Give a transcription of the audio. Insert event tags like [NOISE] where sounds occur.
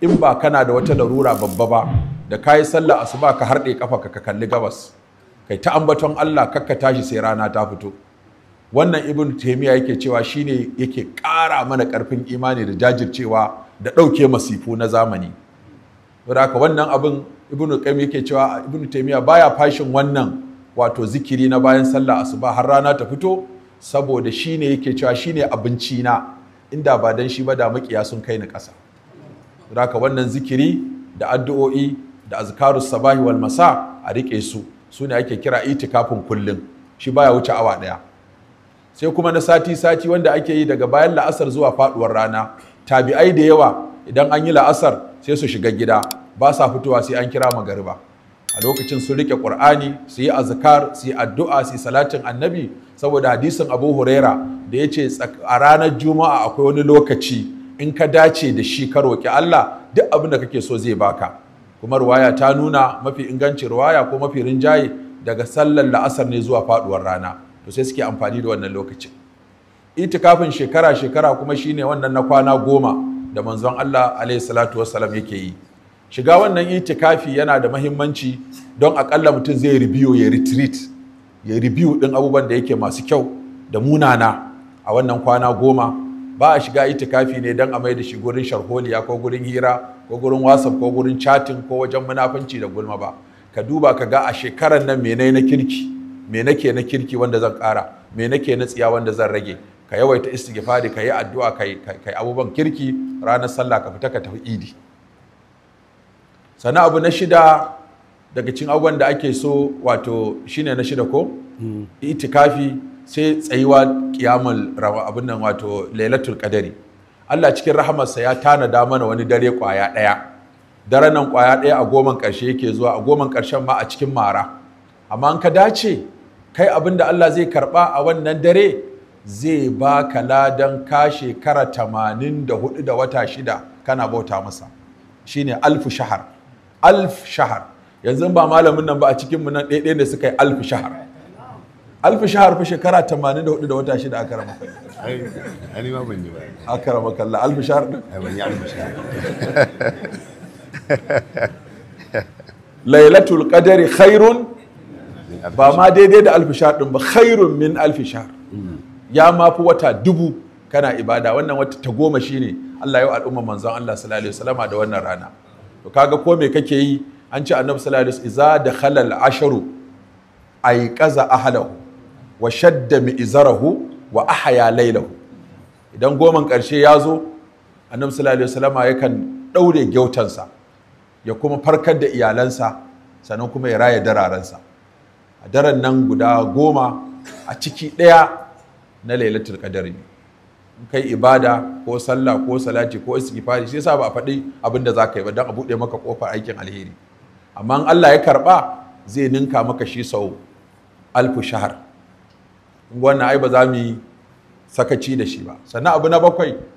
in ba kana da wata larura babba ba da kayi sallah asuba ka harɗe kafa ka kalli gabas kai ta ambaton Allah kakka tashi sai rana ta fito wannan ibn taymiya yake cewa shine yake ƙara mana ƙarfin imani da jajircewa da ɗauke masifu na zamani haka wannan abin ibn qayyim yake cewa ibn taymiya baya fashin wannan wato zikiri na bayan sallah asuba har rana ta fito saboda shine yake cewa shine abinci na inda ba dan shi ba da makiya sun kai ni ƙasa haka wannan zikiri da addu'o'i da azkaru sabahi wal masa a riƙe su su ne ake kira kafin kullum shi baya wuce awa ɗaya sai kuma na sati sati wanda ake yi daga bayan la'asar zuwa faɗuwar rana tabi'ai da yawa idan an yi la'asar sai su shiga gida ba sa fitowa sai an kira magariba a lokacin su riƙe qur'ani su yi azkar su yi addu'a su yi salatin annabi saboda hadisin abu huraira da ya ce a ranar juma'a akwai wani lokaci in ka dace da shi ka roƙi Allah duk abin da kake so zai baka kuma ruwaya ta nuna mafi ingancin ruwaya ko mafi rinjaye daga sallar la'asar ne zuwa faduwar rana to sai suke amfani da wannan lokacin itikafin shekara shekara kuma shine wannan na kwana goma da manzon Allah alaihi salatu wassalam yake yi shiga wannan itikafi yana da mahimmanci don akalla mutum zai review ya retreat ya review din abubuwan da yake masu kyau da munana a wannan kwana goma ba a shiga itikafi ne don a mai da shi gurin sharholiya ko gurin hira ko gurin wasan ko gurin chatin ko wajen munafanci da gulma ba ka duba ka ga a shekarar nan me na kirki me nake na kirki wanda zan ƙara me nake na tsiya wanda zan rage ka yawaita istighfari ka yi addu'a kai kai abubuwan kirki ranar sallah ka fita ka tafi idi sannan abu na shida daga cikin abubuwan da ake so wato shine na shida ko mm. itikafi sai tsayuwa kiyamul rawa abin nan wato lailatul qadari Allah cikin rahamarsa ya tanada mana wani dare kwaya ɗaya. dare nan kwaya ɗaya a goman karshe yake zuwa a goman karshen ma a cikin mara amma an ka dace kai abin da Allah zai karɓa a wannan dare zai baka ladan ka shekara 84 da da wata shida kana bauta masa shine alfu shahar alf shahar yanzu ba malamin nan ba a cikin mu nan ɗaya ne suka yi alf shahar alfi shahar fa shekara 84 da wata shida aka rama ani ma ban yi ba aka rama kalla alfi shahar ban yi alfi shahar [LAUGHS] lailatul qadari khairun ba ma daidai da alfi shahar ba khairun min alfi shahar hmm. ya ma fi wata dubu kana ibada wannan wata ta goma shine Allah ya al'umma manzon Allah sallallahu alaihi wasallama da wannan rana to kaga ko me kake yi an ce annabi sallallahu alaihi wasallam iza dakhala al-asharu ay qaza ahlahu wa shadda mi'izarahu wa ahaya lailahu idan goman ƙarshe ya zo annabi sallallahu alaihi wasallama yakan ɗaure gyautansa ya kuma farkar da iyalansa sannan kuma ya raya dararensa a daren nan guda goma a ciki ɗaya na lailatul qadari ne kai ibada ko sallah ko salati ko istighfari shi yasa ba a faɗi abin da zaka yi ba don a buɗe maka kofar aikin alheri amma in Allah ya karɓa zai ninka maka shi sau alfu wannan ai ba za mu yi sakaci da shi ba sannan abu na bakwai